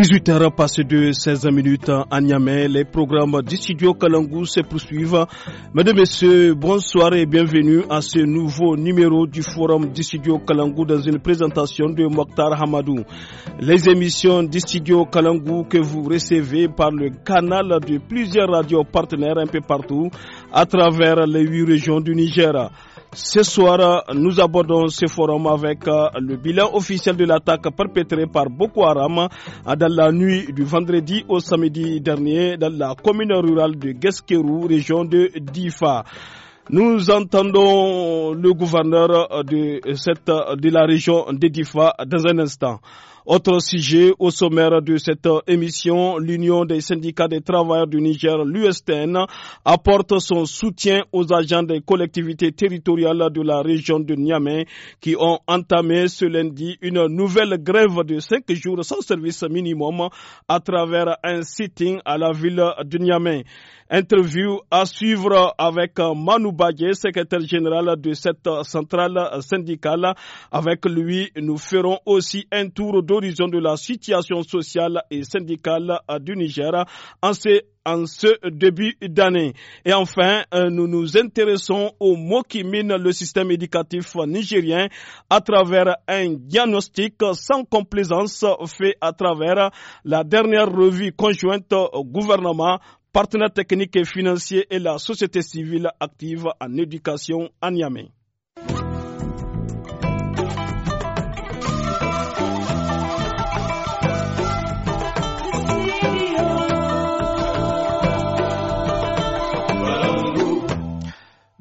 18 heures passé de 16 minutes à Niamey, les programmes du studio Kalangou se poursuivent. Mesdames, et Messieurs, bonsoir et bienvenue à ce nouveau numéro du forum du studio Kalangou dans une présentation de Mokhtar Hamadou. Les émissions du studio Kalangou que vous recevez par le canal de plusieurs radios partenaires un peu partout à travers les huit régions du Niger. Ce soir, nous abordons ce forum avec euh, le bilan officiel de l'attaque perpétrée par Boko Haram euh, dans la nuit du vendredi au samedi dernier dans la commune rurale de Geskerou, région de Difa. Nous entendons le gouverneur euh, de, cette, de la région de Difa dans un instant. Autre sujet au sommaire de cette émission, l'Union des syndicats des travailleurs du Niger, l'USTN, apporte son soutien aux agents des collectivités territoriales de la région de Niamey qui ont entamé ce lundi une nouvelle grève de cinq jours sans service minimum à travers un sitting à la ville de Niamey. Interview à suivre avec Manou Bagé, secrétaire général de cette centrale syndicale. Avec lui, nous ferons aussi un tour de de la situation sociale et syndicale euh, du Niger en ce début d'année. Et enfin, euh, nous nous intéressons aux mots qui minent le système éducatif nigérien à travers un diagnostic sans complaisance fait à travers la dernière revue conjointe au gouvernement partenaires techniques et financiers et la société civile active en éducation à Niamey.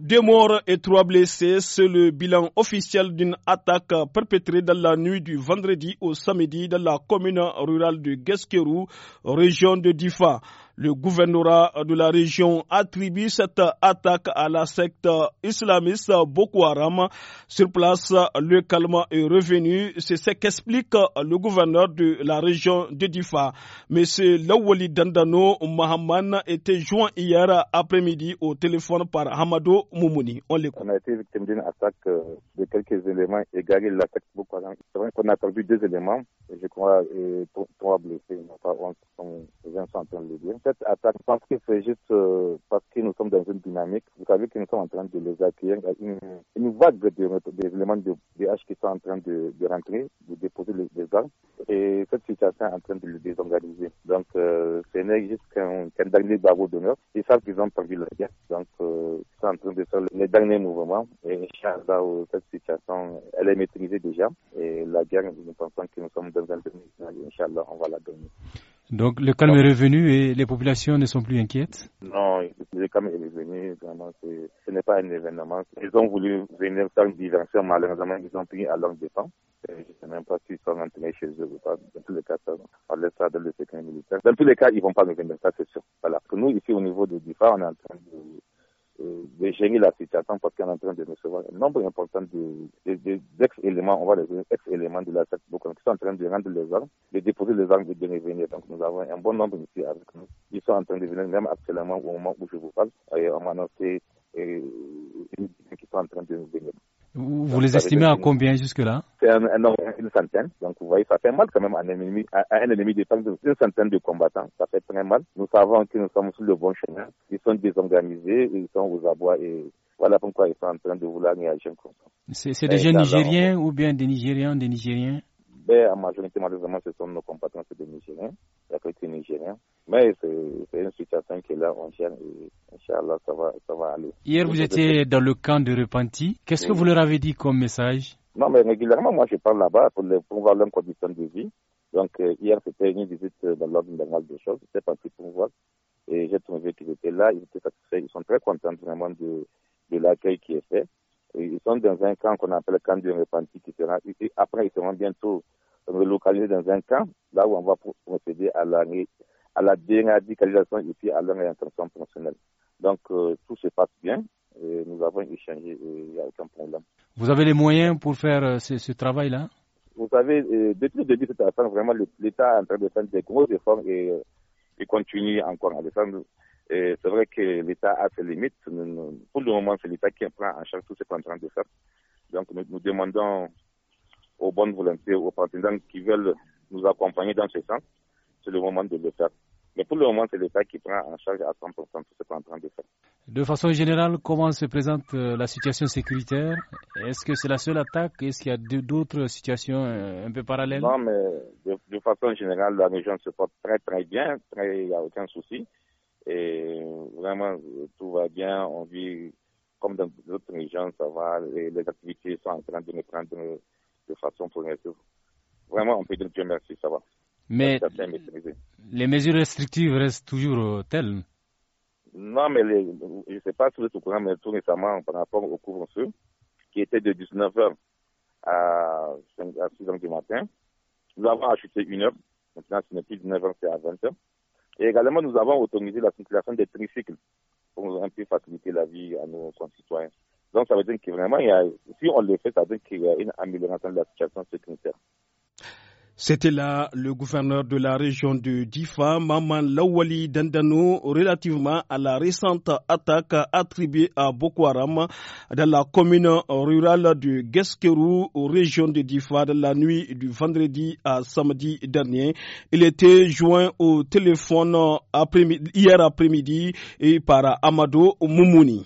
Deux morts et trois blessés, c'est le bilan officiel d'une attaque perpétrée dans la nuit du vendredi au samedi dans la commune rurale de Guesquerou, région de Difa. Le gouvernorat de la région attribue cette attaque à la secte islamiste Boko Haram. Sur place, le calme est revenu. C'est ce qu'explique le gouverneur de la région de Difa. Monsieur Lawali Dandano Mahaman était joint hier après-midi au téléphone par Hamado Moumouni. On a été victime d'une attaque euh, de quelques éléments égarés de la secte Boko Haram. C'est vrai qu'on a perdu deux éléments. Je crois trois blessés. On pas comme de le dire cette attaque, je pense que c'est juste euh, parce que nous sommes dans une dynamique. Vous savez que nous sommes en train de les accueillir. Une, une vague d'éléments de, de, qui sont en train de, rentrer, de déposer les, armes. Et cette situation est en train de les désorganiser. Donc, euh, ce n'est juste qu'un dernier barreau d'honneur. Ils savent qu'ils ont perdu la guerre. Donc, euh, ils sont en train de faire les derniers mouvements. Et Inch'Allah, cette situation, elle est maîtrisée déjà. Et la guerre, nous pensons que nous sommes dans un dernier Inch'Allah, on va la gagner. Donc le calme est revenu et les populations ne sont plus inquiètes Non, le calme est revenu, vraiment, ce n'est pas un événement. Ils ont voulu venir faire une diversion, malheureusement, ils ont pris à leur défense. Je ne sais même pas s'ils sont rentrés chez eux ou pas. Dans tous les cas, on ça le militaire. Dans tous les cas, ils ne vont pas nous venir, ça c'est sûr. Voilà. Pour nous, ici, au niveau de DIFA, on est en train de de euh, gêner la situation parce qu'on est en train de recevoir un nombre important d'ex-éléments, on va les ex-éléments de la donc qui sont en train de rendre les armes, de déposer les armes de revenir. Donc nous avons un bon nombre ici avec nous. Ils sont en train de venir, même actuellement au moment où je vous parle, on m'a noté euh, une qui sont en train de venir. Vous les estimez à combien jusque-là C'est un, une centaine. Donc, vous voyez, ça fait mal quand même à un ennemi, à, un ennemi de une centaine de combattants. Ça fait très mal. Nous savons que nous sommes sur le bon chemin. Ils sont désorganisés, ils sont aux abois et voilà pourquoi ils sont en train de vouloir réagir comme ça. C'est des jeunes Nigériens ou bien des Nigériens, des Nigériens mais en majorité malheureusement ce sont nos compatriotes des Nigériens, la culture nigérienne. Mais c'est une situation qui est là, on gère et Inch'Allah ça va, ça va aller. Hier vous étiez dans le camp de repenti. Qu'est-ce que vous leur avez dit comme message Non mais régulièrement moi je parle là-bas pour, pour voir leurs conditions de vie. Donc euh, hier c'était une visite dans l'ordre normal de choses, c'était parti pour voir. Et j'ai trouvé qu'ils étaient là, ils étaient satisfaits, ils sont très contents vraiment de, de l'accueil qui est fait ils sont dans un camp qu'on appelle camp du repenti qui sera ici. Après, ils seront bientôt relocalisés dans un camp, là où on va procéder à la, à la déradicalisation et à la réintention professionnelle. Donc, euh, tout se passe bien. Et nous avons échangé, euh, il n'y a aucun problème. Vous avez les moyens pour faire euh, ce, travail-là Vous savez, depuis le début de cette affaire, vraiment, l'État est en train de faire des gros efforts et continue encore à le faire c'est vrai que l'État a ses limites. Pour le moment, c'est l'État qui prend en charge tout ce qu'on est en train de faire. Donc, nous, demandons aux bonnes volontés, aux partisans qui veulent nous accompagner dans ce sens, c'est le moment de le faire. Mais pour le moment, c'est l'État qui prend en charge à 100% tout ce qu'on est en train de faire. De façon générale, comment se présente euh, la situation sécuritaire Est-ce que c'est la seule attaque Est-ce qu'il y a d'autres situations euh, un peu parallèles Non, mais de, façon générale, la région se porte très très bien, il n'y a aucun souci. Et vraiment, tout va bien. On vit comme dans d'autres régions, ça va. Les, activités sont en train de me prendre de façon progressive. Vraiment, on peut dire Dieu merci, ça va. Mais les mesures restrictives restent toujours euh, telles. Non, mais je ne sais pas si vous êtes au courant, mais tout récemment, par rapport au couvre-feu, qui était de 19h à, à 6h du matin, nous avons acheté une heure. Maintenant, ce n'est plus 19h, c'est à 20h. Et également, nous avons autorisé la circulation des tricycles pour un peu faciliter la vie à nos concitoyens. Donc, ça veut dire que vraiment, il y si on le fait, ça veut dire qu'il y a une amélioration de la situation sécuritaire. C'était là le gouverneur de la région de Difa, Maman Lawali Dandano, relativement à la récente attaque attribuée à Boko Haram dans la commune rurale de aux région de Difa, de la nuit du vendredi à samedi dernier. Il était joint au téléphone hier après-midi par Amado Mumuni.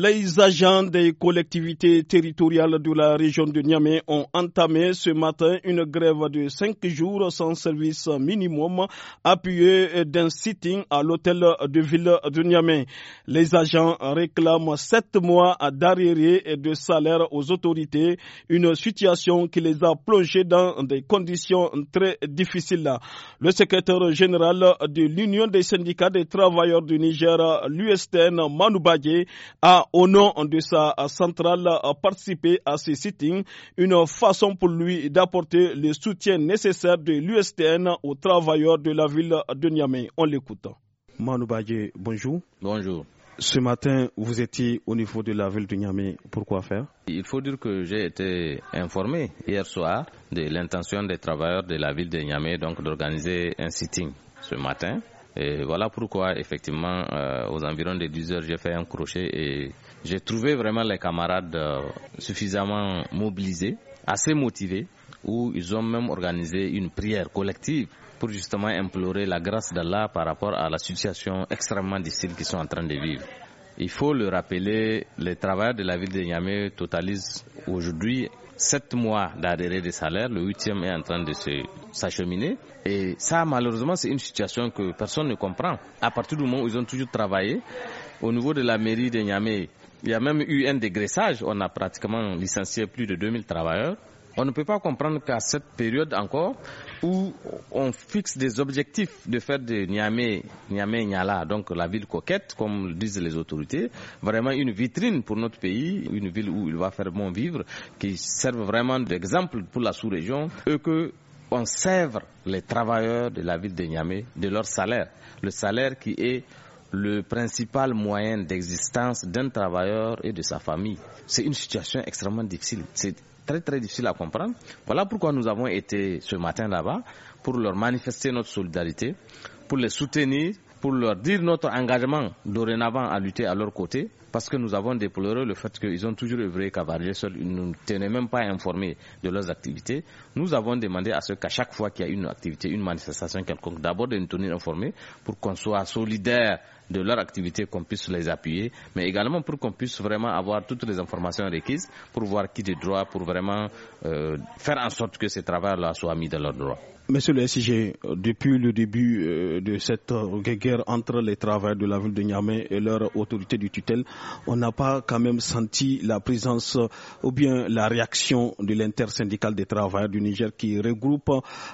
les agents des collectivités territoriales de la région de Niamey ont entamé ce matin une grève de cinq jours sans service minimum appuyé d'un sitting à l'hôtel de ville de Niamey. Les agents réclament sept mois et de salaire aux autorités, une situation qui les a plongés dans des conditions très difficiles. Le secrétaire général de l'Union des syndicats des travailleurs du Niger, l'USTN, Manoubadje, a au nom de sa centrale, participé à ce sitting, une façon pour lui d'apporter le soutien nécessaire de l'USTN aux travailleurs de la ville de Niamey. On l'écoute. Manu bonjour. Bonjour. Ce matin, vous étiez au niveau de la ville de Niamey. Pourquoi faire Il faut dire que j'ai été informé hier soir de l'intention des travailleurs de la ville de Niamey donc d'organiser un sitting ce matin. Et voilà pourquoi, effectivement, euh, aux environs de 10 heures, j'ai fait un crochet et j'ai trouvé vraiment les camarades euh, suffisamment mobilisés, assez motivés, où ils ont même organisé une prière collective pour justement implorer la grâce d'Allah par rapport à la situation extrêmement difficile qu'ils sont en train de vivre. Il faut le rappeler, le travail de la ville de Niamey totalise aujourd'hui sept mois d'arrêt de salaire, le huitième est en train de s'acheminer. Et ça, malheureusement, c'est une situation que personne ne comprend. À partir du moment où ils ont toujours travaillé, au niveau de la mairie de Niamey, il y a même eu un dégraissage. On a pratiquement licencié plus de 2000 travailleurs. On ne peut pas comprendre qu'à cette période encore, où on fixe des objectifs de faire de Niamey, Niamey Niala, donc la ville coquette, comme le disent les autorités, vraiment une vitrine pour notre pays, une ville où il va faire bon vivre, qui serve vraiment d'exemple pour la sous-région, et que on sèvre les travailleurs de la ville de Niamey de leur salaire, le salaire qui est le principal moyen d'existence d'un travailleur et de sa famille. C'est une situation extrêmement difficile très très difficile à comprendre. Voilà pourquoi nous avons été ce matin là-bas pour leur manifester notre solidarité, pour les soutenir, pour leur dire notre engagement dorénavant à lutter à leur côté, parce que nous avons déploré le fait qu'ils ont toujours œuvré cavalier seul, ils ne nous tenaient même pas informés de leurs activités. Nous avons demandé à ce qu'à chaque fois qu'il y a une activité, une manifestation quelconque, d'abord de nous tenir informés pour qu'on soit solidaires de leur activité, qu'on puisse les appuyer, mais également pour qu'on puisse vraiment avoir toutes les informations requises pour voir qui des droits, pour vraiment euh, faire en sorte que ces travaux là soient mis dans leur droit. Monsieur le SIG, depuis le début euh, de cette guerre entre les travailleurs de la ville de Niamey et leur autorité du tutelle, on n'a pas quand même senti la présence ou bien la réaction de l'intersyndicale des travailleurs du Niger qui regroupe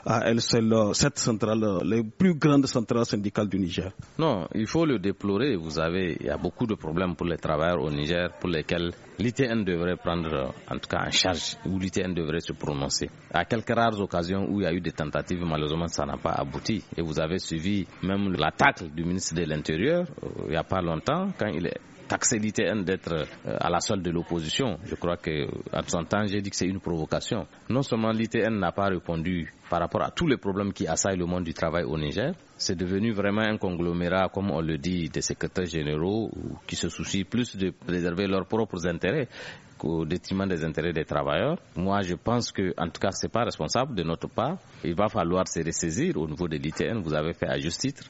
à elle seule cette centrale, les plus grandes centrales syndicales du Niger. Non, il faut le déplorer. Vous avez, il y a beaucoup de problèmes pour les travailleurs au Niger pour lesquels l'ITN devrait prendre en tout cas en charge ou l'ITN devrait se prononcer. À quelques rares occasions où il y a eu des tentatives malheureusement, ça n'a pas abouti. Et vous avez suivi même l'attaque du ministre de l'Intérieur euh, il n'y a pas longtemps, quand il est taxé l'ITN d'être euh, à la solde de l'opposition. Je crois que, euh, à son temps, j'ai dit que c'est une provocation. Non seulement l'ITN n'a pas répondu par rapport à tous les problèmes qui assaillent le monde du travail au Niger, c'est devenu vraiment un conglomérat, comme on le dit, des secrétaires généraux qui se soucient plus de préserver leurs propres intérêts au détriment des intérêts des travailleurs. Moi, je pense que, en tout cas, c'est pas responsable de notre part. Il va falloir se ressaisir au niveau de l'ITN. Vous avez fait à juste titre.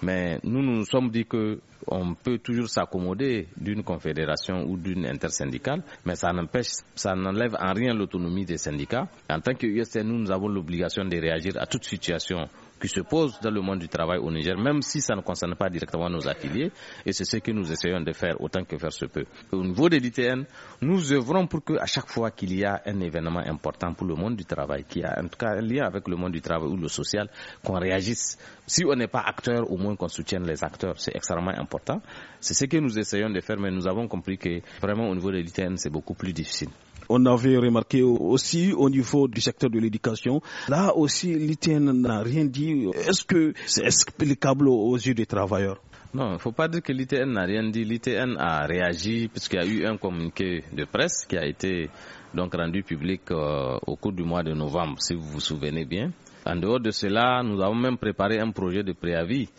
Mais nous nous sommes dit que on peut toujours s'accommoder d'une confédération ou d'une intersyndicale, mais ça n'empêche, ça n'enlève en rien l'autonomie des syndicats. En tant que USN, nous avons l'obligation de réagir à toute situation qui se posent dans le monde du travail au Niger, même si ça ne concerne pas directement nos affiliés. Et c'est ce que nous essayons de faire autant que faire se peut. Au niveau de l'ITN, nous œuvrons pour que à chaque fois qu'il y a un événement important pour le monde du travail, qui a en tout cas un lien avec le monde du travail ou le social, qu'on réagisse. Si on n'est pas acteur, au moins qu'on soutienne les acteurs. C'est extrêmement important. C'est ce que nous essayons de faire, mais nous avons compris que vraiment au niveau de l'ITN, c'est beaucoup plus difficile. On avait remarqué aussi au niveau du secteur de l'éducation. Là aussi, l'ITN n'a rien dit. Est-ce que c'est explicable aux yeux des travailleurs non, il ne faut pas dire que l'ITN n'a rien dit. L'ITN a réagi puisqu'il y a eu un communiqué de presse qui a été donc rendu public euh, au cours du mois de novembre, si vous vous souvenez bien. En dehors de cela, nous avons même préparé un projet de préavis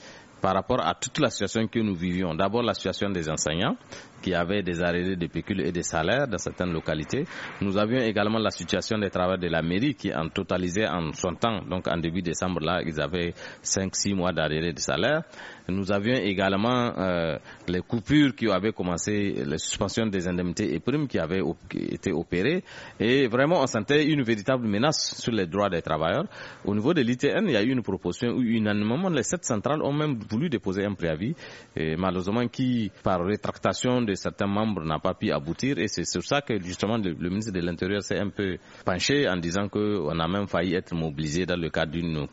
par rapport à toute la situation que nous vivions. D'abord la situation des enseignants, qui avaient des arrêts de pécule et des salaires dans certaines localités. Nous avions également la situation des travailleurs de la mairie qui en totalisaient en son temps, donc en début décembre, là, ils avaient 5-6 mois d'arrêt de salaire. Nous avions également euh, les coupures qui avaient commencé, les suspensions des indemnités et primes qui avaient été opérées. Et vraiment, on sentait une véritable menace sur les droits des travailleurs. Au niveau de l'ITN, il y a eu une proposition où unanimement les sept centrales ont même voulu déposer un préavis, et malheureusement qui, par rétractation certains membres n'a pas pu aboutir et c'est sur ça que justement le, ministre de l'Intérieur s'est un peu penché en disant qu'on a même failli être mobilisé dans le cadre d'une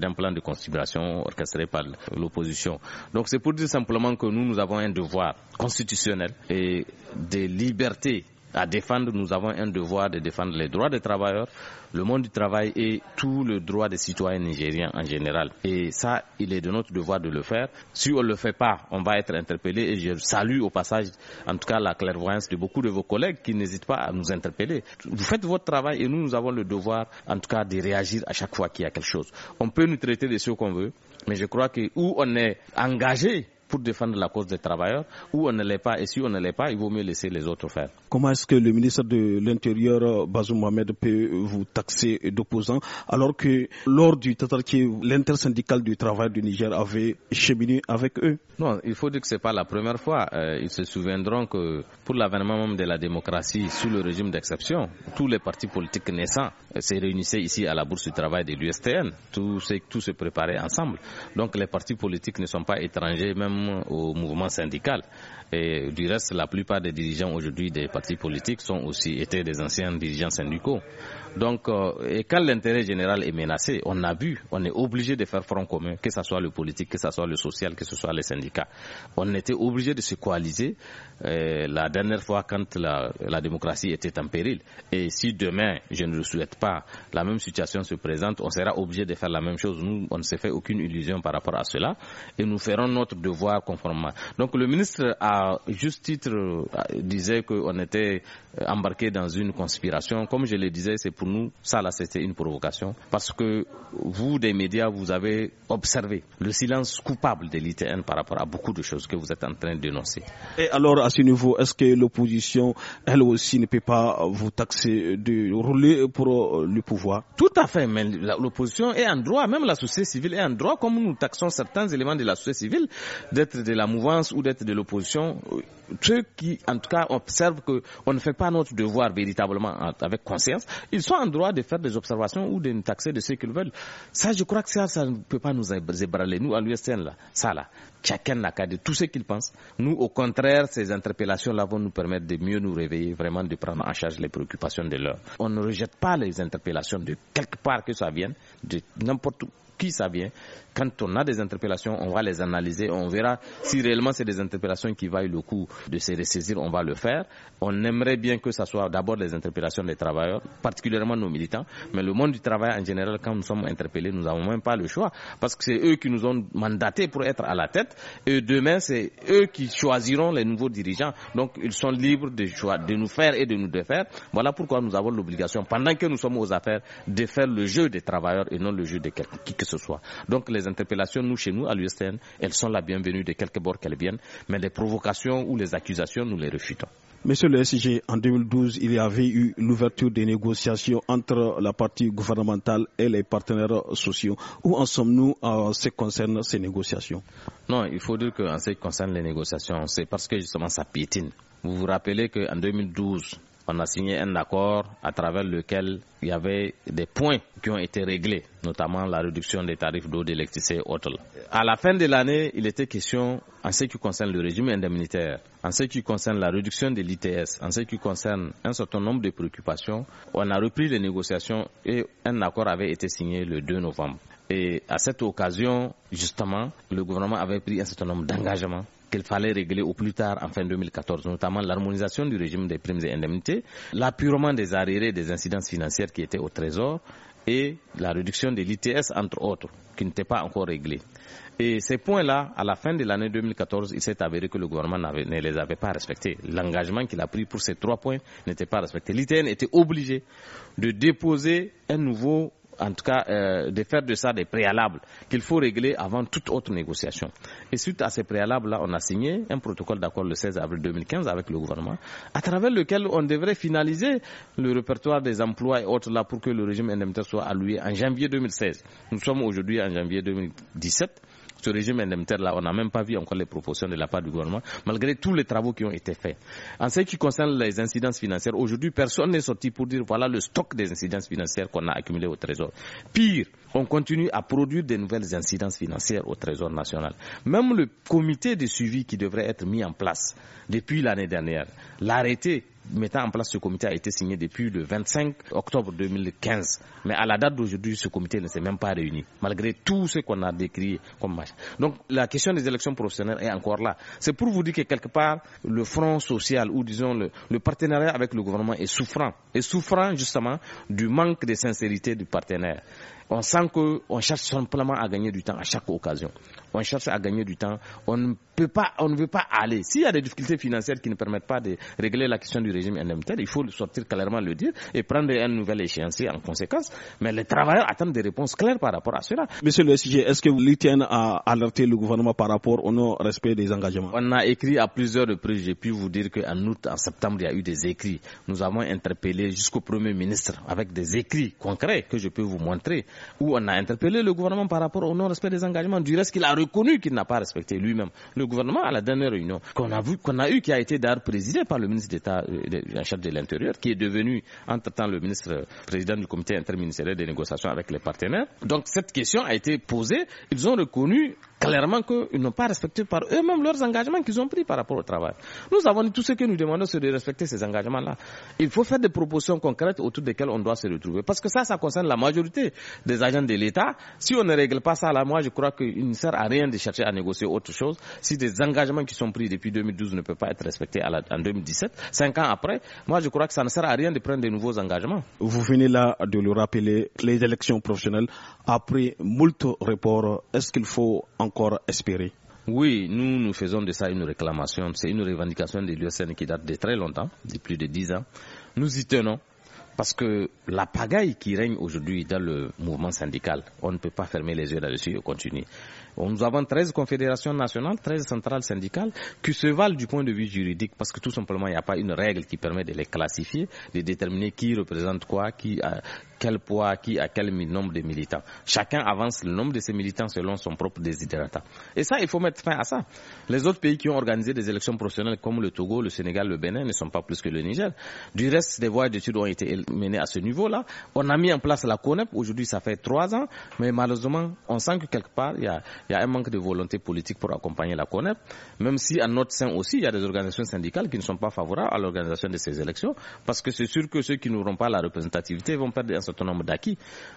d'un plan de conspiration orchestré par l'opposition. Donc c'est pour dire simplement que nous, nous avons un devoir constitutionnel et des libertés à défendre, nous avons un devoir de défendre les droits des travailleurs, le monde du travail et tout le droit des citoyens nigériens en général. Et ça, il est de notre devoir de le faire. Si on ne le fait pas, on va être interpellé et je salue au passage, en tout cas, la clairvoyance de beaucoup de vos collègues qui n'hésitent pas à nous interpeller. Vous faites votre travail et nous, nous avons le devoir, en tout cas, de réagir à chaque fois qu'il y a quelque chose. On peut nous traiter de ce qu'on veut, mais je crois que où on est engagé pour défendre la cause des travailleurs, ou on ne l'est pas, et si on ne l'est pas, il vaut mieux laisser les autres faire. Comment est-ce que le ministre de l'Intérieur, Bazoum Mohamed, peut vous taxer d'opposants, alors que lors du Tatarki, l'intersyndical du travail du Niger avait cheminé avec eux Non, il faut dire que ce n'est pas la première fois. Euh, ils se souviendront que pour l'avènement même de la démocratie sous le régime d'exception, tous les partis politiques naissants euh, se réunissaient ici à la Bourse du Travail de l'USTN. Tout, tout se préparait ensemble. Donc les partis politiques ne sont pas étrangers, même au mouvement syndical. Et du reste, la plupart des dirigeants aujourd'hui des partis politiques sont aussi étaient des anciens dirigeants syndicaux. Donc, euh, et quand l'intérêt général est menacé, on a vu, on est obligé de faire front commun, que ce soit le politique, que ce soit le social, que ce soit les syndicats. On était obligé de se coaliser euh, la dernière fois quand la, la, démocratie était en péril. Et si demain, je ne le souhaite pas, la même situation se présente, on sera obligé de faire la même chose. Nous, on ne s'est fait aucune illusion par rapport à cela et nous ferons notre devoir conformément. Donc, le ministre, à juste titre, euh, disait qu'on était euh, embarqué dans une conspiration. Comme je le disais, c'est pour nous, ça là, c'était une provocation. Parce que vous, des médias, vous avez observé le silence coupable de l'ITN par rapport à beaucoup de choses que vous êtes en train de dénoncer. Et alors, à ce niveau, est-ce que l'opposition, elle aussi, ne peut pas vous taxer de rouler pour euh, le pouvoir Tout à fait, mais l'opposition est en droit, même la société civile est en droit, comme nous taxons certains éléments de la société civile d'être de la mouvance ou d'être de l'opposition. Ceux qui, en tout cas, observent on ne fait pas notre devoir véritablement avec conscience, ils sont en droit de faire des observations ou de nous taxer de ce qu'ils veulent. Ça, je crois que ça, ça ne peut pas nous ébranler. Nous, à l'USN, ça, là, chacun n'a qu'à dire tout ce qu'il pense. Nous, au contraire, ces interpellations-là vont nous permettre de mieux nous réveiller, vraiment de prendre en charge les préoccupations de l'heure. On ne rejette pas les interpellations de quelque part que ça vienne, de n'importe où qui ça vient. Quand on a des interpellations, on va les analyser, on verra si réellement c'est des interpellations qui valent le coup de se ressaisir, on va le faire. On aimerait bien que ce soit d'abord les interpellations des travailleurs, particulièrement nos militants, mais le monde du travail en général, quand nous sommes interpellés, nous n'avons même pas le choix, parce que c'est eux qui nous ont mandatés pour être à la tête, et demain, c'est eux qui choisiront les nouveaux dirigeants. Donc, ils sont libres de, de nous faire et de nous défaire. Voilà pourquoi nous avons l'obligation, pendant que nous sommes aux affaires, de faire le jeu des travailleurs et non le jeu de qui donc les interpellations, nous, chez nous, à l'USN, elles sont la bienvenue de quelque bord qu'elles viennent, mais les provocations ou les accusations, nous les refutons. Monsieur le SG, en 2012, il y avait eu l'ouverture des négociations entre la partie gouvernementale et les partenaires sociaux. Où en sommes-nous en ce qui concerne ces négociations Non, il faut dire qu'en ce qui concerne les négociations, c'est parce que justement ça piétine. Vous vous rappelez qu'en 2012, on a signé un accord à travers lequel il y avait des points qui ont été réglés, notamment la réduction des tarifs d'eau, d'électricité et autres. À la fin de l'année, il était question, en ce qui concerne le régime indemnitaire, en ce qui concerne la réduction de l'ITS, en ce qui concerne un certain nombre de préoccupations, on a repris les négociations et un accord avait été signé le 2 novembre. Et à cette occasion, justement, le gouvernement avait pris un certain nombre d'engagements qu'il fallait régler au plus tard en fin 2014, notamment l'harmonisation du régime des primes et indemnités, l'appurement des arriérés des incidences financières qui étaient au Trésor et la réduction de l'ITS, entre autres, qui n'était pas encore réglée. Et ces points-là, à la fin de l'année 2014, il s'est avéré que le gouvernement ne les avait pas respectés. L'engagement qu'il a pris pour ces trois points n'était pas respecté. L'ITN était obligé de déposer un nouveau en tout cas, euh, de faire de ça des préalables qu'il faut régler avant toute autre négociation. Et suite à ces préalables-là, on a signé un protocole d'accord le 16 avril 2015 avec le gouvernement, à travers lequel on devrait finaliser le répertoire des emplois et autres là pour que le régime indemnitaire soit alloué en janvier 2016. Nous sommes aujourd'hui en janvier 2017 ce régime indemnitaire là, on n'a même pas vu encore les propositions de la part du gouvernement, malgré tous les travaux qui ont été faits. En ce qui concerne les incidences financières, aujourd'hui, personne n'est sorti pour dire voilà le stock des incidences financières qu'on a accumulé au Trésor. Pire, on continue à produire de nouvelles incidences financières au Trésor national. Même le comité de suivi qui devrait être mis en place depuis l'année dernière, l'arrêté mettant en place ce comité a été signé depuis le 25 octobre 2015. Mais à la date d'aujourd'hui, ce comité ne s'est même pas réuni, malgré tout ce qu'on a décrit comme match. Donc la question des élections professionnelles est encore là. C'est pour vous dire que quelque part, le front social, ou disons le, partenariat avec le gouvernement est souffrant. Est souffrant justement du manque de sincérité du partenaire on sent qu'on cherche simplement à gagner du temps à chaque occasion. On cherche à gagner du temps. On ne peut pas, on ne veut pas aller. S'il y a des difficultés financières qui ne permettent pas de régler la question du régime indemnitaire, il faut sortir clairement le dire et prendre un nouvel échéancier en conséquence. Mais les travailleurs attendent des réponses claires par rapport à cela. Monsieur le SG, est-ce que vous l'ITN à alerter le gouvernement par rapport au non-respect des engagements On a écrit à plusieurs reprises. J'ai pu vous dire qu'en août, en septembre, il y a eu des écrits. Nous avons interpellé jusqu'au Premier ministre avec des écrits concrets que je peux vous montrer où on a interpellé le gouvernement par rapport au non-respect des engagements. Du reste, qu'il a reconnu qu'il n'a pas respecté lui-même. Le gouvernement, à la dernière réunion qu'on a, vu, qu'on a eu, qui a été d'ailleurs présidée par le ministre d'État, euh, en charge de l'Intérieur, qui est devenu, entre-temps, le ministre président du comité interministériel des négociations avec les partenaires. Donc, cette question a été posée. Ils ont reconnu clairement qu'ils n'ont pas respecté par eux-mêmes leurs engagements qu'ils ont pris par rapport au travail. Nous avons dit tout ce que nous demandons, c'est de respecter ces engagements-là. Il faut faire des propositions concrètes autour desquelles on doit se retrouver. Parce que ça, ça concerne la majorité des agents de l'État. Si on ne règle pas ça, là, moi, je crois qu'il ne sert à rien de chercher à négocier autre chose. Si des engagements qui sont pris depuis 2012 ne peuvent pas être respectés en 2017, cinq ans après, moi, je crois que ça ne sert à rien de prendre de nouveaux engagements. Vous venez là de le rappeler, les élections professionnelles, après de reports, est-ce qu'il faut encore espérer oui, nous, nous faisons de ça une réclamation. C'est une revendication de l'USN qui date de très longtemps, de plus de dix ans. Nous y tenons parce que la pagaille qui règne aujourd'hui dans le mouvement syndical, on ne peut pas fermer les yeux là-dessus et continuer. Nous avons 13 confédérations nationales, 13 centrales syndicales qui se valent du point de vue juridique parce que tout simplement il n'y a pas une règle qui permet de les classifier, de déterminer qui représente quoi, qui, a, quel poids, qui à quel nombre de militants. Chacun avance le nombre de ses militants selon son propre désidérata. Et ça, il faut mettre fin à ça. Les autres pays qui ont organisé des élections professionnelles comme le Togo, le Sénégal, le Bénin ne sont pas plus que le Niger. Du reste, des voies d'études ont été menées à ce niveau-là. On a mis en place la CONEP. Aujourd'hui, ça fait trois ans. Mais malheureusement, on sent que quelque part, il y a, il y a un manque de volonté politique pour accompagner la CONEP. Même si, à notre sein aussi, il y a des organisations syndicales qui ne sont pas favorables à l'organisation de ces élections. Parce que c'est sûr que ceux qui n'auront pas la représentativité vont perdre autonome d'acquis.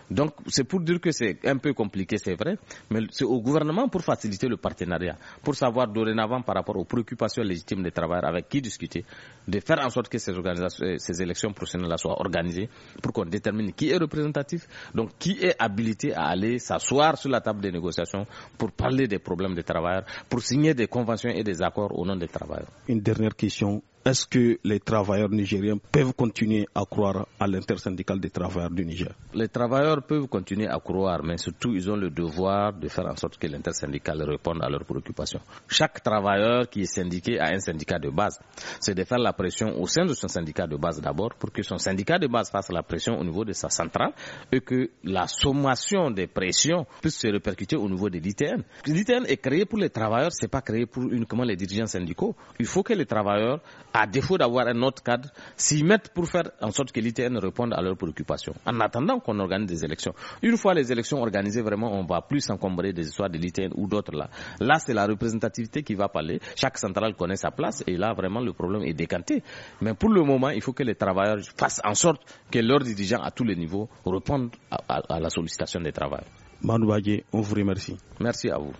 Donc, c'est pour dire que c'est un peu compliqué, c'est vrai, mais c'est au gouvernement pour faciliter le partenariat, pour savoir dorénavant par rapport aux préoccupations légitimes des travailleurs avec qui discuter, de faire en sorte que ces, euh, ces élections professionnelles soient organisées pour qu'on détermine qui est représentatif, donc qui est habilité à aller s'asseoir sur la table des négociations pour parler des problèmes des travailleurs, pour signer des conventions et des accords au nom des travailleurs. Une dernière question est-ce que les travailleurs nigériens peuvent continuer à croire à l'intersyndical des travailleurs du Niger Les travailleurs peuvent continuer à croire, mais surtout ils ont le devoir de faire en sorte que l'intersyndicale réponde à leurs préoccupations. Chaque travailleur qui est syndiqué a un syndicat de base. C'est de faire la pression au sein de son syndicat de base d'abord pour que son syndicat de base fasse la pression au niveau de sa centrale et que la sommation des pressions puisse se répercuter au niveau de l'ITN. L'ITN est créé pour les travailleurs, c'est pas créé pour uniquement les dirigeants syndicaux. Il faut que les travailleurs à défaut d'avoir un autre cadre, s'y mettent pour faire en sorte que l'ITN réponde à leurs préoccupations, en attendant qu'on organise des élections. Une fois les élections organisées, vraiment, on va plus s'encombrer des histoires de l'ITN ou d'autres là. Là, c'est la représentativité qui va parler. Chaque centrale connaît sa place et là, vraiment, le problème est décanté. Mais pour le moment, il faut que les travailleurs fassent en sorte que leurs dirigeants à tous les niveaux répondent à, la sollicitation des travailleurs. Manou on vous remercie. Merci à vous.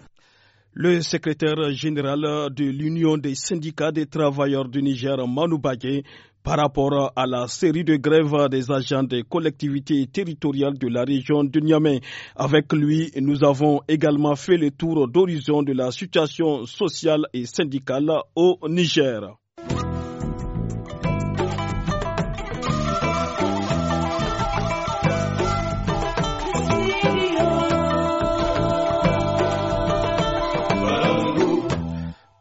Le secrétaire général de l'Union des syndicats des travailleurs du Niger, Manu Bagé, par rapport à la série de grèves des agents des collectivités territoriales de la région de Niamey. Avec lui, nous avons également fait le tour d'horizon de la situation sociale et syndicale au Niger.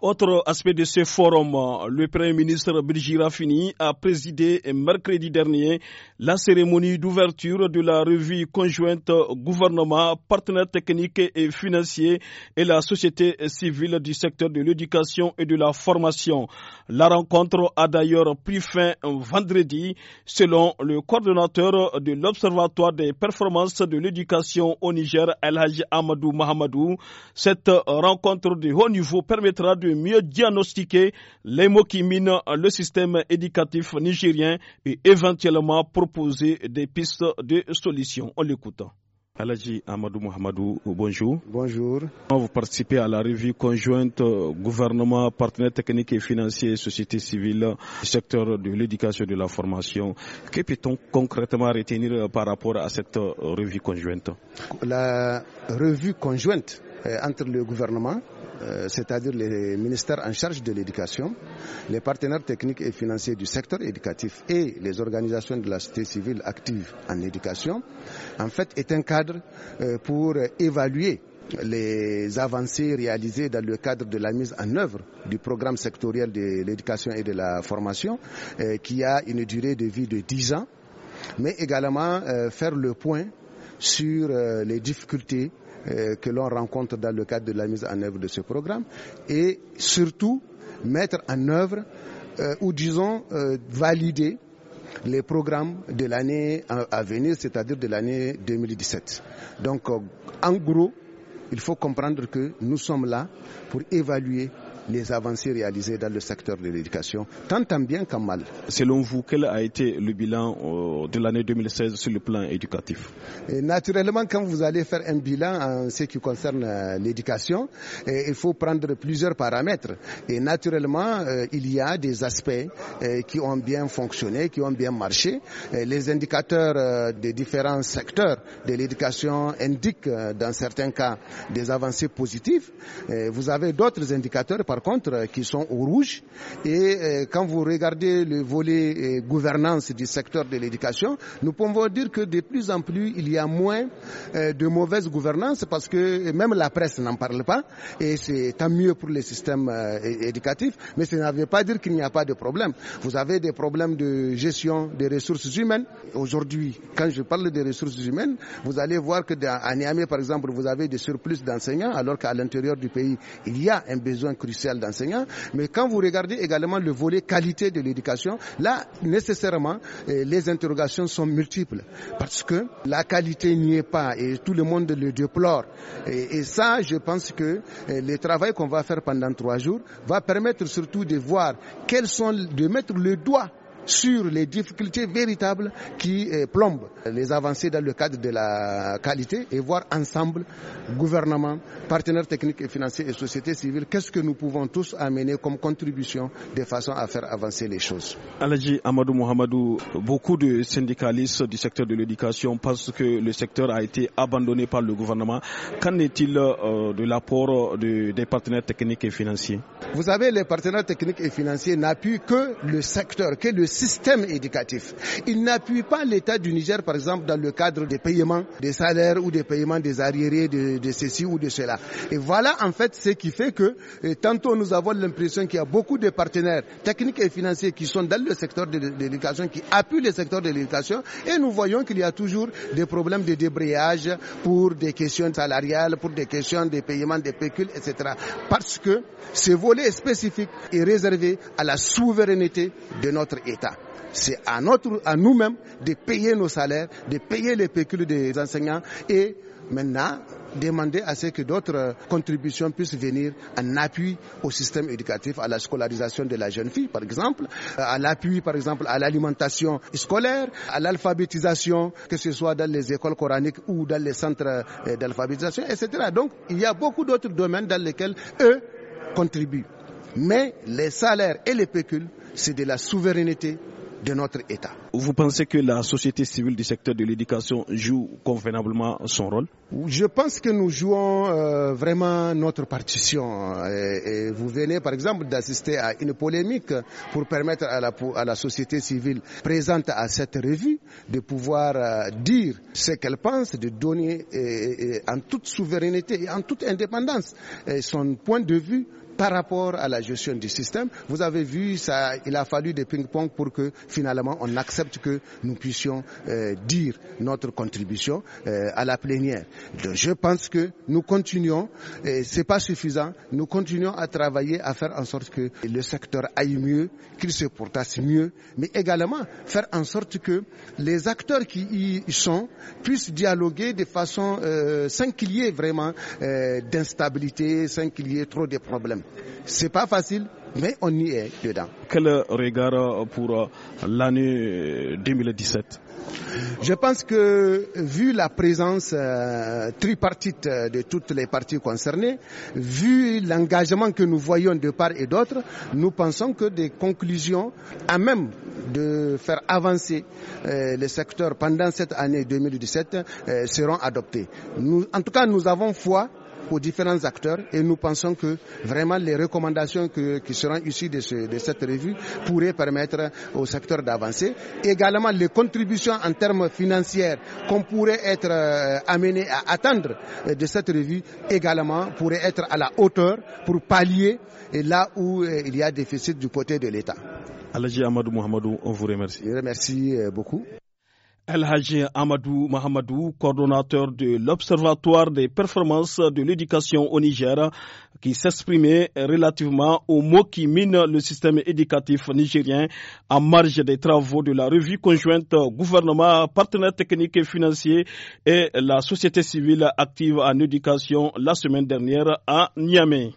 Autre aspect de ce forum, le Premier ministre Brigitte Raffini a présidé mercredi dernier la cérémonie d'ouverture de la revue conjointe gouvernement, partenaires techniques et financiers et la société civile du secteur de l'éducation et de la formation. La rencontre a d'ailleurs pris fin vendredi selon le coordonnateur de l'Observatoire des performances de l'éducation au Niger, Al Haji Amadou Mahamadou. Cette rencontre de haut niveau permettra de mieux diagnostiquer les mots qui minent le système éducatif nigérien et éventuellement proposer des pistes de solutions. En l'écoutant. Aladji Amadou Mohamadou, bonjour. Bonjour. Vous participez à la revue conjointe euh, gouvernement, partenaires techniques et financiers, société civile, secteur de l'éducation et de la formation. Que peut-on concrètement retenir euh, par rapport à cette euh, revue conjointe La revue conjointe entre le gouvernement, euh, c'est-à-dire les ministères en charge de l'éducation, les partenaires techniques et financiers du secteur éducatif et les organisations de la société civile active en éducation, en fait, est un cadre euh, pour évaluer les avancées réalisées dans le cadre de la mise en œuvre du programme sectoriel de l'éducation et de la formation, euh, qui a une durée de vie de 10 ans, mais également faire le point sur les difficultés euh, que l'on rencontre dans le cadre de la mise en œuvre de ce programme et surtout mettre en œuvre euh, ou disons euh, valider les programmes de l'année à venir, c'est-à-dire de l'année 2017. Donc en gros, il faut comprendre que nous sommes là pour évaluer les avancées réalisées dans le secteur de l'éducation, tant en bien qu'en mal. Selon vous, quel a été le bilan euh, de l'année 2016 sur le plan éducatif Naturellement, quand vous allez faire un bilan en ce qui concerne euh, l'éducation, il faut prendre plusieurs paramètres. Et naturellement, euh, il y a des aspects qui ont bien fonctionné, qui ont bien marché. Les indicateurs des différents secteurs de l'éducation indiquent dans certains cas des avancées positives. Vous avez d'autres indicateurs, par contre, euh, qui sont au rouge. Et euh, quand vous regardez le volet euh, gouvernance du secteur de l'éducation, nous pouvons dire que de plus en plus, il y a moins de mauvaise gouvernance parce que même la presse n'en parle pas. Et c'est tant mieux pour les systèmes éducatifs. Mais ça ne veut pas dire qu'il n'y a pas de problème. Vous avez des problèmes de gestion des ressources humaines. Aujourd'hui, quand je parle des ressources humaines, vous allez voir que à Niamey, par exemple, vous avez des surplus d'enseignants alors qu'à l'intérieur du pays, il y a un besoin crucial d'enseignants. Mais quand vous regardez également le volet qualité de l'éducation, là, nécessairement, eh, les interrogations sont multiples. Parce que la qualité n'y est pas et tout le monde le déplore. Et, et ça, je pense que eh, le travail qu'on va faire pendant trois jours va permettre surtout de voir quels sont, de mettre le doigt sur les difficultés véritables qui euh, plombent les avancées dans le cadre de la qualité et voir ensemble, gouvernement, partenaires techniques et financiers et société civile, qu'est-ce que nous pouvons tous amener comme contribution de façon à faire avancer les choses. Aladji Amadou Mohamadou, beaucoup de syndicalistes du secteur de l'éducation pensent que le secteur a été abandonné par le gouvernement. Qu'en est-il euh, de l'apport des partenaires techniques et financiers Vous savez, les partenaires techniques et financiers n'appuient que le secteur, que le système éducatif. Il n'appuie pas l'État du Niger, par exemple, dans le cadre des paiements des salaires ou des paiements des arriérés de, ceci ou de cela. Et voilà en fait ce qui fait que euh, tantôt nous avons l'impression qu'il y a beaucoup de partenaires techniques et financiers qui sont dans le secteur de, l'éducation, qui appuient le secteur de l'éducation, et nous voyons qu'il y a toujours des problèmes de débrayage pour des questions salariales, pour des questions de paiement des pécules, etc. Parce que ce volet spécifique est réservé à la souveraineté de notre État c'est à, notre, à nous-mêmes de payer nos salaires, de payer les pécules des enseignants et maintenant demander à ce que d'autres euh, contributions puissent venir en appui au système éducatif, à la scolarisation de la jeune fille, par exemple, euh, à l'appui, par exemple, à l'alimentation scolaire, à l'alphabétisation, que ce soit dans les écoles coraniques ou dans les centres euh, d'alphabétisation, etc. Donc, il y a beaucoup d'autres domaines dans lesquels eux contribuent. Mais les salaires et les pécules, c'est de la souveraineté de notre État. Vous pensez que la société civile du secteur de l'éducation joue convenablement son rôle Je pense que nous jouons euh, vraiment notre partition. Et, vous venez par exemple d'assister à une polémique pour permettre à la, à la, société civile présente à cette revue de pouvoir euh, dire ce qu'elle pense, de donner en toute souveraineté et en toute indépendance son point de vue par rapport à la gestion du système. Vous avez vu, ça, il a fallu des ping-pong pour que finalement on accepte que nous puissions euh, dire notre contribution euh, à la plénière. je pense que nous continuons, et c'est pas suffisant, nous continuons à travailler, à faire en sorte que le secteur aille mieux, qu'il se portasse mieux, mais également faire en sorte que les acteurs qui y sont puissent dialoguer de façon euh, sans qu'il y ait vraiment d'instabilité, sans qu'il y ait trop de problèmes. C'est pas facile, mais on y est dedans. Quel regard pour l'année 2017 Je pense que vu la présence euh, tripartite euh, de toutes les parties concernées, vu l'engagement que nous voyons de part et d'autre, nous pensons que des conclusions à même de faire avancer euh, le secteur pendant cette année 2017 seront adoptées. en tout cas, nous avons foi aux différents acteurs et nous pensons que vraiment les recommandations que, qui seront issues de, ce, de cette revue pourraient permettre au secteur d'avancer. Également les contributions en termes financiers qu'on pourrait être euh, amené à attendre euh, de cette revue également pourraient être à la hauteur pour pallier là où euh, il y a déficit du côté de l'État. Alaji Amadou on vous remercie. Je remercie beaucoup. Alhaji Amadou Mahamadou, coordonnateur de l'Observatoire des performances de l'éducation au Niger, qui s'exprimait relativement aux mots qui minent le système éducatif nigérien en marge des travaux de la revue conjointe gouvernement, partenaires techniques et financiers et la société civile active en éducation la semaine dernière à Niamey.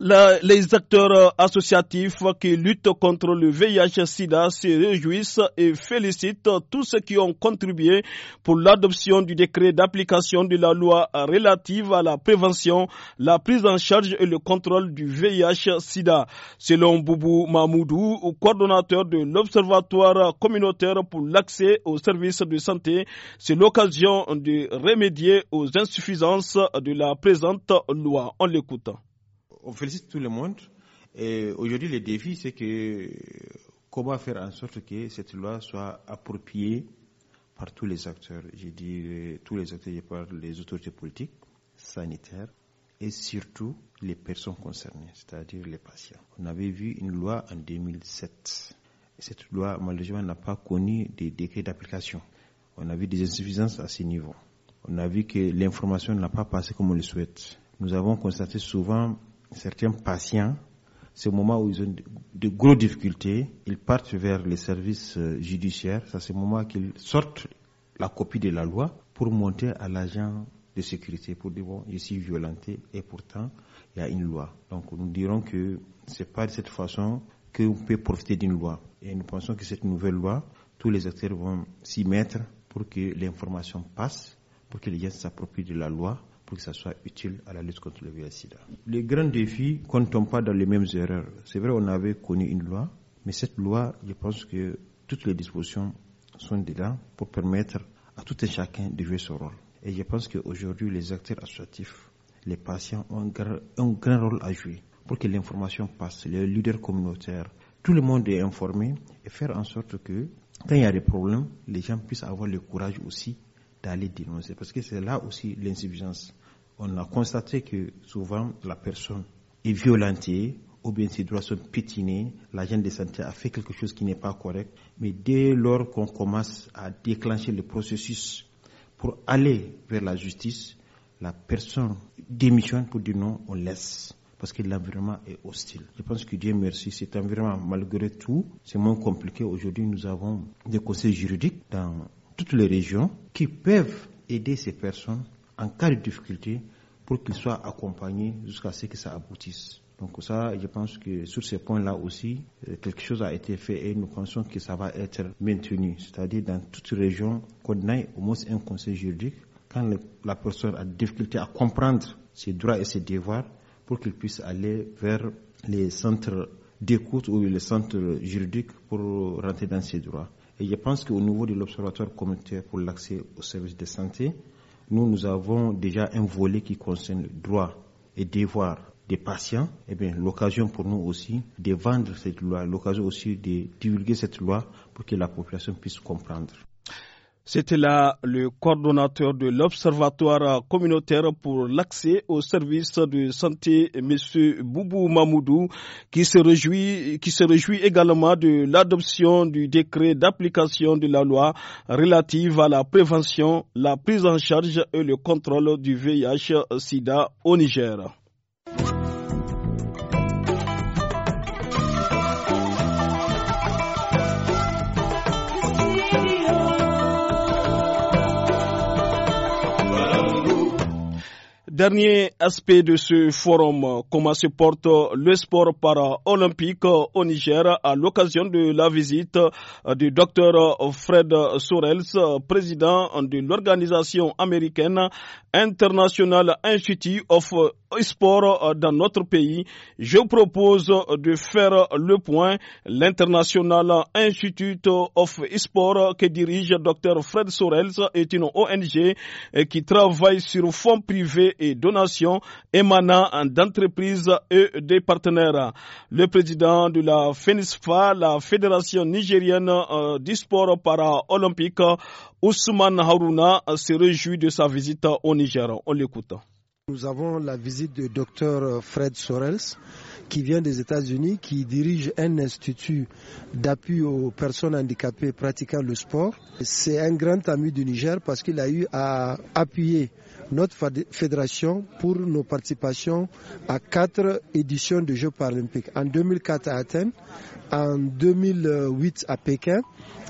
les acteurs euh, associatifs qui luttent contre le VIH-Sida se réjouissent et félicitent tous ceux qui ont contribué pour l'adoption du décret d'application de la loi relative à la prévention, la prise en charge et le contrôle du VIH-Sida. Selon Boubou Mamoudou, coordonnateur de l'Observatoire communautaire pour l'accès aux services de santé, c'est l'occasion de remédier aux insuffisances de la présente loi. On l'écoute on félicite tout le monde. Et aujourd'hui, le défi, c'est que comment faire en sorte que cette loi soit appropriée par tous les acteurs. J'ai dit euh, tous les acteurs, je parle des autorités politiques, sanitaires et surtout les personnes concernées, c'est-à-dire les patients. On avait vu une loi en 2007. Cette loi, malheureusement, n'a pas connu des décrets d'application. On a vu des insuffisances à ce niveau. On a vu que l'information n'a pas passé comme on le souhaite. Nous avons constaté souvent certains patients, c'est moment où ils ont de grosses difficultés, ils partent vers les services euh, judiciaires. C'est le moment qu'ils sortent la copie de la loi pour monter à l'agent de sécurité pour dire bon, je suis violenté et pourtant il y a une loi. Donc nous dirons que c'est pas de cette façon qu'on peut profiter d'une loi. Et nous pensons que cette nouvelle loi, tous les acteurs vont s'y mettre pour que l'information passe, pour que les gens s'approprient de la loi pour que ça soit utile à la lutte contre le VIH-Sida. Les grands défis, qu'on ne tombe pas dans les mêmes erreurs. C'est vrai, on avait connu une loi, mais cette loi, je pense que toutes les dispositions sont là pour permettre à tout et chacun de jouer son rôle. Et je pense qu'aujourd'hui, les acteurs associatifs, les patients ont un, grand, un grand rôle à jouer pour que l'information passe, les leaders communautaires, tout le monde est informé et faire en sorte que quand il y a des problèmes, les gens puissent avoir le courage aussi d'aller dénoncer. Parce que c'est là aussi l'insuffisance. On a constaté que souvent la personne est violentée ou bien ses droits sont pétinés, l'agent de santé a fait quelque chose qui n'est pas correct. Mais dès lors qu'on commence à déclencher le processus pour aller vers la justice, la personne démissionne pour dire non, on laisse. Parce que l'environnement est hostile. Je pense que Dieu merci, cet environnement, malgré tout, c'est moins compliqué. Aujourd'hui, nous avons des conseils juridiques dans toutes les régions qui peuvent aider ces personnes en cas de difficulté pour qu'ils soient accompagnés jusqu'à ce que ça aboutisse. Donc ça, je pense que sur ces points-là aussi, euh, quelque chose a été fait et nous pensons que ça va être maintenu. C'est-à-dire dans toute région, qu'on ait au moins un conseil juridique quand la personne a difficulté à comprendre ses droits et ses devoirs pour qu'il puisse aller vers les centres d'écoute ou les centres juridiques pour rentrer dans ses droits. Et je pense qu'au niveau de l'Observatoire communautaire pour l'accès aux services de santé, nous, nous avons déjà un volet qui concerne le droit et devoir des patients, eh bien, l'occasion pour nous aussi de vendre cette loi, l'occasion aussi de divulguer cette loi pour que la population puisse comprendre. C'était là le coordonnateur de l'Observatoire communautaire pour l'accès aux services de santé, M. Boubou Mamoudou, qui se réjouit, qui se réjouit également de l'adoption du décret d'application de la loi relative à la prévention, la prise en charge et le contrôle du VIH-Sida au Niger. Dernier aspect de ce forum, comment se porte le sport paralympique au Niger à l'occasion de la visite du docteur Fred Sorels, président de l'organisation américaine International Institute of Sport dans notre pays. Je propose de faire le point. L'International Institute of Sport que dirige docteur Fred Sorels est une ONG qui travaille sur fonds privés et donations émanant d'entreprises et des partenaires. Le président de la FENISFA, la Fédération nigérienne euh, du sport para-olympique, Ousmane Haruna se réjouit de sa visite au Niger. On l'écoute. Nous avons la visite du docteur Fred Sorels, qui vient des États-Unis, qui dirige un institut d'appui aux personnes handicapées pratiquant le sport. C'est un grand ami du Niger parce qu'il a eu à appuyer notre fédération pour nos participations à quatre éditions de Jeux paralympiques. En 2004 à Athènes, en 2008 à Pékin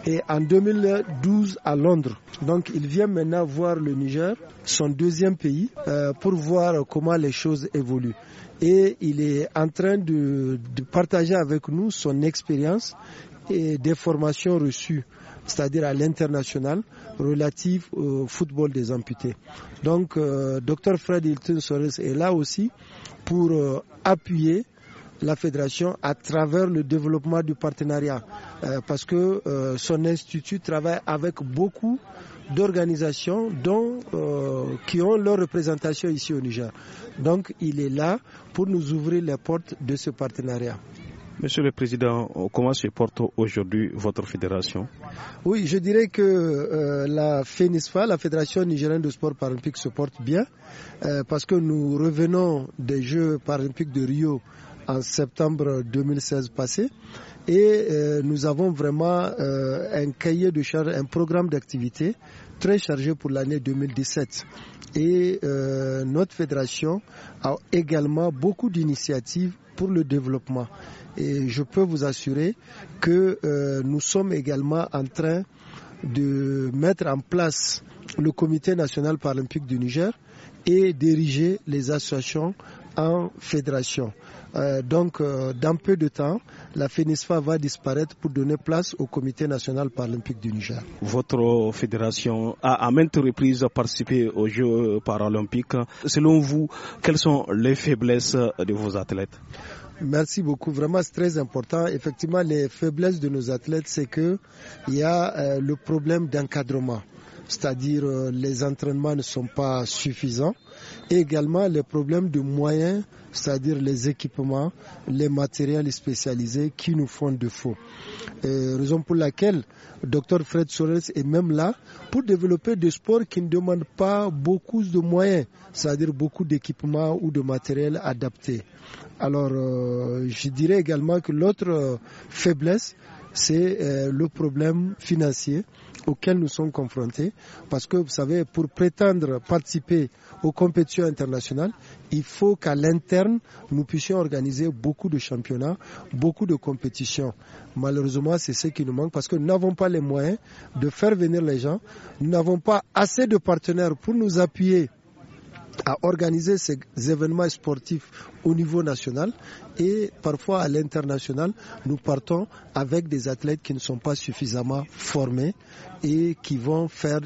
et en 2012 à Londres. Donc il vient maintenant voir le Niger, son deuxième pays, euh, pour voir comment les choses évoluent et il est en train de, partager avec nous son expérience et des formations reçues, c'est-à-dire à, l'international, relative au football des amputés. Donc, euh, docteur Dr Fred Hilton Sores est là aussi pour euh, appuyer la fédération à travers le développement du partenariat, euh, parce que son institut travaille avec beaucoup d'organisations dont, euh, qui ont leur représentation ici au Niger. Donc il est là pour nous ouvrir les portes de ce partenariat. Monsieur le Président, euh, comment se porte aujourd'hui votre fédération Oui, je dirais que euh, la FENISFA, la Fédération nigérienne de sport paralympique, se porte bien parce que nous revenons des Jeux paralympiques de Rio en septembre 2016 passé et euh, nous avons vraiment euh, un cahier de charge, un programme d'activité très chargé pour l'année 2017. Et euh, notre fédération a également beaucoup d'initiatives pour le développement. Et je peux vous assurer que nous sommes également en train de mettre en place le comité national paralympique du Niger et diriger les associations en fédération. Euh, donc, euh, dans peu de temps, la FENISFA va disparaître pour donner place au Comité national paralympique du Niger. Votre fédération a à maintes reprises participé aux Jeux paralympiques. Selon vous, quelles sont les faiblesses de vos athlètes Merci beaucoup. Vraiment, c'est très important. Effectivement, les faiblesses de nos athlètes, c'est qu'il y a euh, le problème d'encadrement c'est-à-dire euh, les entraînements ne sont pas suffisants. Et également les problèmes de moyens, c'est-à-dire les équipements, les matériels spécialisés qui nous font défaut. Euh, raison pour laquelle docteur Fred Sorens est même là pour développer des sports qui ne demandent pas beaucoup de moyens, c'est-à-dire beaucoup d'équipements ou de matériel adapté. Alors euh, je dirais également que l'autre euh, faiblesse, c'est euh, le problème financier auquel nous sommes confrontés. Parce que, vous savez, pour prétendre participer aux compétitions internationales, il faut qu'à l'interne, nous puissions organiser beaucoup de championnats, beaucoup de compétitions. Malheureusement, c'est ce qui nous manque parce que nous n'avons pas les moyens de faire venir les gens. Nous n'avons pas assez de partenaires pour nous appuyer à organiser ces événements sportifs au niveau national et parfois à l'international, nous partons avec des athlètes qui ne sont pas suffisamment formés et qui vont faire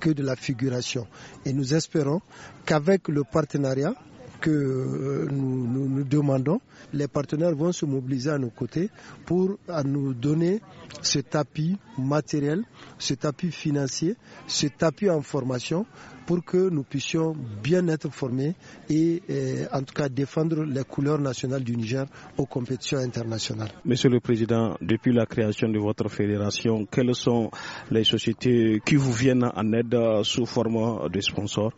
que de la figuration. Et nous espérons qu'avec le partenariat que euh, nous, nous, demandons, les partenaires vont se mobiliser à nos côtés pour nous donner ce tapis matériel, ce tapis financier, ce tapis en formation pour que nous puissions bien être formés et euh, en tout cas défendre les couleurs nationales du Niger aux compétitions internationales. Monsieur le Président, depuis la création de votre fédération, quelles sont les sociétés qui vous viennent en aide euh, sous forme de sponsors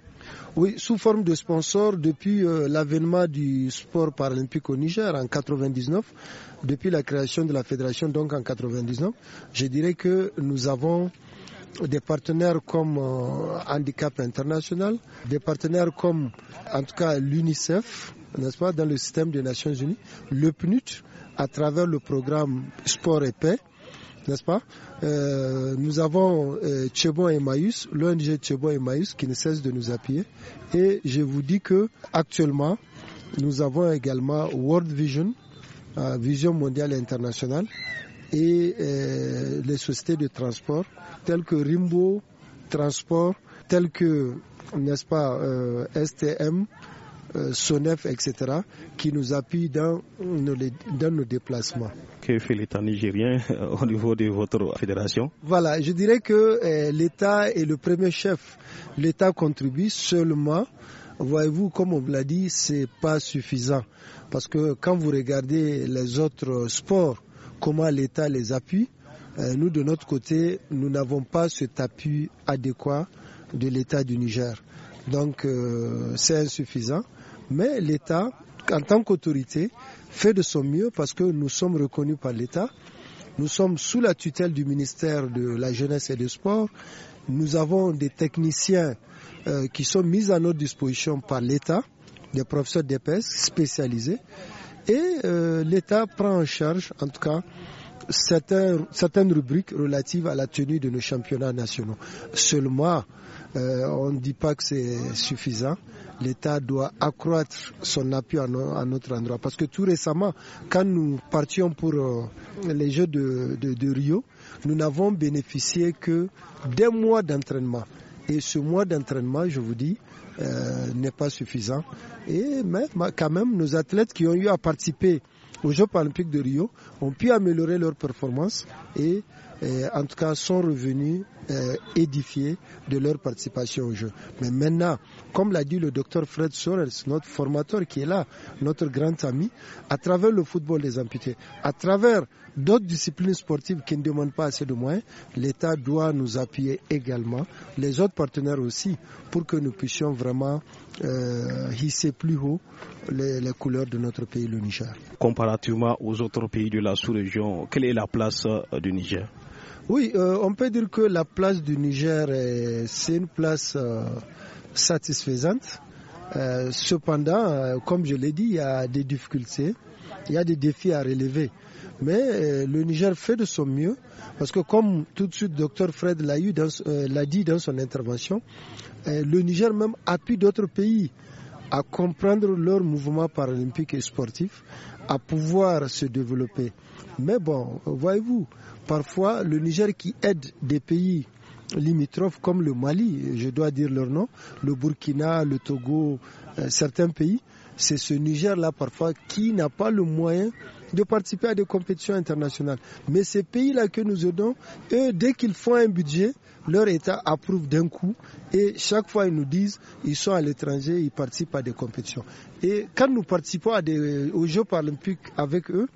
oui, sous forme de sponsor depuis euh, l'avènement du sport paralympique au Niger en 99, depuis la création de la fédération donc en 99, je dirais que nous avons des partenaires comme euh, Handicap International, des partenaires comme en tout cas l'UNICEF, n'est-ce pas, dans le système des Nations Unies, le PNUT, à travers le programme Sport et Paix, n'est-ce pas euh, Nous avons et Maïus, l'ONG Chebon et Maïus qui ne cesse de nous appuyer. Et je vous dis que actuellement, nous avons également World Vision, euh, Vision mondiale internationale, et euh, les sociétés de transport telles que Rimbo Transport, telles que, n'est-ce pas, STM, euh, SONEF, etc., qui nous appuient dans nos, déplacements. Que fait l'État nigérien euh, au niveau de votre fédération Voilà, je dirais que euh, l'État est le premier chef. L'État contribue seulement voyez-vous, comme on l'a dit, c'est pas suffisant. Parce que quand vous regardez les autres sports, comment l'État les appuie, nous, de notre côté, nous n'avons pas cet appui adéquat de l'État du Niger. Donc, c'est insuffisant. Mais l'État, en tant qu'autorité, fait de son mieux parce que nous sommes reconnus par l'État. Nous sommes sous la tutelle du ministère de la Jeunesse et du Sport. Nous avons des techniciens euh, qui sont mis à notre disposition par l'État, des professeurs d'EPS e spécialisés. Et euh, l'État prend en charge, en tout cas, certaines rubriques relatives à la tenue de nos championnats nationaux. Seulement, euh, on ne dit pas que c'est suffisant l'État doit accroître son appui à, notre endroit. Parce que tout récemment, quand nous partions pour euh, les Jeux de, Rio, nous n'avons bénéficié que d'un mois d'entraînement. Et ce mois d'entraînement, je vous dis, euh, n'est pas suffisant. Et même quand même, nos athlètes qui ont eu à participer aux Jeux paralympiques de Rio ont pu améliorer leur performance et en tout cas, sont revenus euh, édifiés de leur participation au jeu. Mais maintenant, comme l'a dit le docteur Fred Sorels, notre formateur qui est là, notre grand ami, à travers le football des amputés, à travers d'autres disciplines sportives qui ne demandent pas assez de moyens, l'État doit nous appuyer également, les autres partenaires aussi, pour que nous puissions vraiment euh, hisser plus haut les, couleurs de notre pays, le Niger. Comparativement aux autres pays de la sous-région, quelle est la place euh, du Niger oui, euh, on peut dire que la place du Niger, c'est une place euh, satisfaisante. Euh, cependant, comme je l'ai dit, il y a des difficultés, il y a des défis à relever. Mais le Niger fait de son mieux, parce que comme tout de suite Dr Fred l'a dit dans son intervention, le Niger même appuie d'autres pays à comprendre leur mouvement paralympique et sportif, à pouvoir se développer. Mais bon, voyez-vous, Parfois, le Niger qui aide des pays limitrophes comme le Mali, je dois dire leur nom, le Burkina, le Togo, euh, certains pays, c'est ce Niger-là parfois qui n'a pas le moyen de participer à des compétitions internationales. Mais ces pays-là que nous aidons, eux, dès qu'ils font un budget, leur État approuve d'un coup et chaque fois ils nous disent ils sont à l'étranger, ils participent à des compétitions. Et quand nous participons aux Jeux paralympiques avec eux,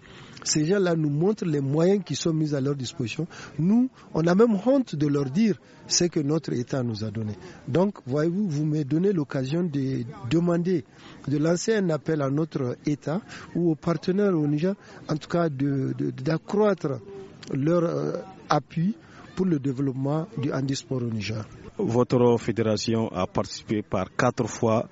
ces gens-là nous montrent les moyens qui sont mis à leur disposition. Nous, on a même honte de leur dire ce que notre État nous a donné. Donc, voyez-vous, vous me donnez l'occasion de demander, de lancer un appel à notre État ou aux partenaires au Niger, en tout cas d'accroître leur euh, appui pour le développement du handisport au Niger votre fédération a participé par quatre fois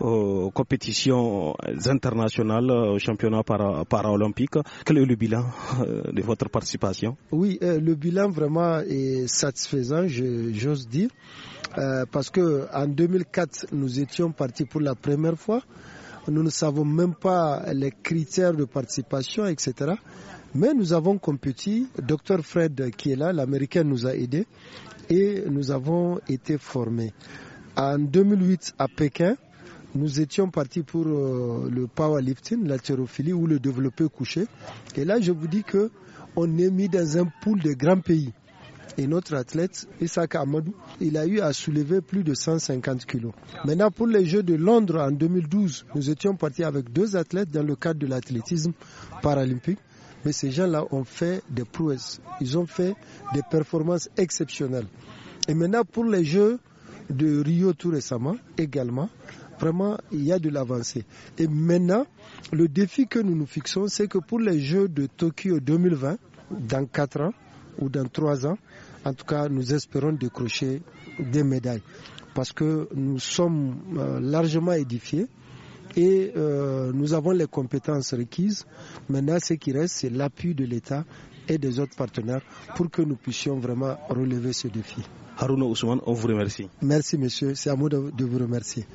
aux compétitions internationales, aux championnats paralympiques. Quel est le bilan euh, de votre participation Oui, euh, le bilan vraiment est satisfaisant, j'ose dire, euh, parce que en 2004, nous étions partis pour la première fois. Nous ne savons même pas les critères de participation, etc. Mais nous avons compétit. docteur Fred, qui est là, l'Américain, nous a aidés et nous avons été formés. En 2008 à Pékin, nous étions partis pour euh, le powerlifting, l'haltérophilie ou le développé couché. Et là, je vous dis que on est mis dans un pool de grands pays. Et notre athlète, Isaac Amadou, il a eu à soulever plus de 150 kilos. Maintenant, pour les Jeux de Londres en 2012, nous étions partis avec deux athlètes dans le cadre de l'athlétisme paralympique. Mais ces gens-là ont fait des prouesses. Ils ont fait des performances exceptionnelles. Et maintenant, pour les Jeux de Rio tout récemment, également, vraiment, il y a de l'avancée. Et maintenant, le défi que nous nous fixons, c'est que pour les Jeux de Tokyo 2020, dans 4 ans ou dans 3 ans, en tout cas, nous espérons décrocher des médailles parce que nous sommes euh, largement édifiés et euh, nous avons les compétences requises. Maintenant, ce qui reste, c'est l'appui de l'État et des autres partenaires pour que nous puissions vraiment relever ce défi. Haruna Ousmane, on vous remercie. Merci, monsieur. C'est à moi de vous remercier.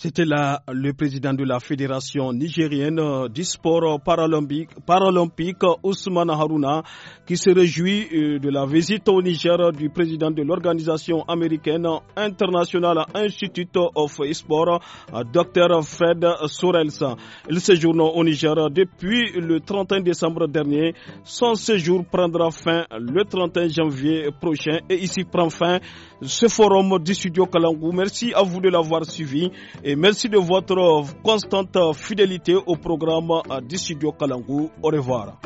C'était là le président de la Fédération nigérienne euh, du sport paralympique, paralympique Ousmane Haruna, qui se réjouit euh, de la visite au Niger du président de l'organisation américaine internationale Institute of Sport, euh, Dr. Fred Sorelsa. Il séjourne au Niger depuis le 31 décembre dernier. Son séjour prendra fin le 31 janvier prochain et ici prend fin ce forum du studio Merci à vous de l'avoir suivi et merci de votre constante fidélité au programme du studio Kalangou. Au revoir.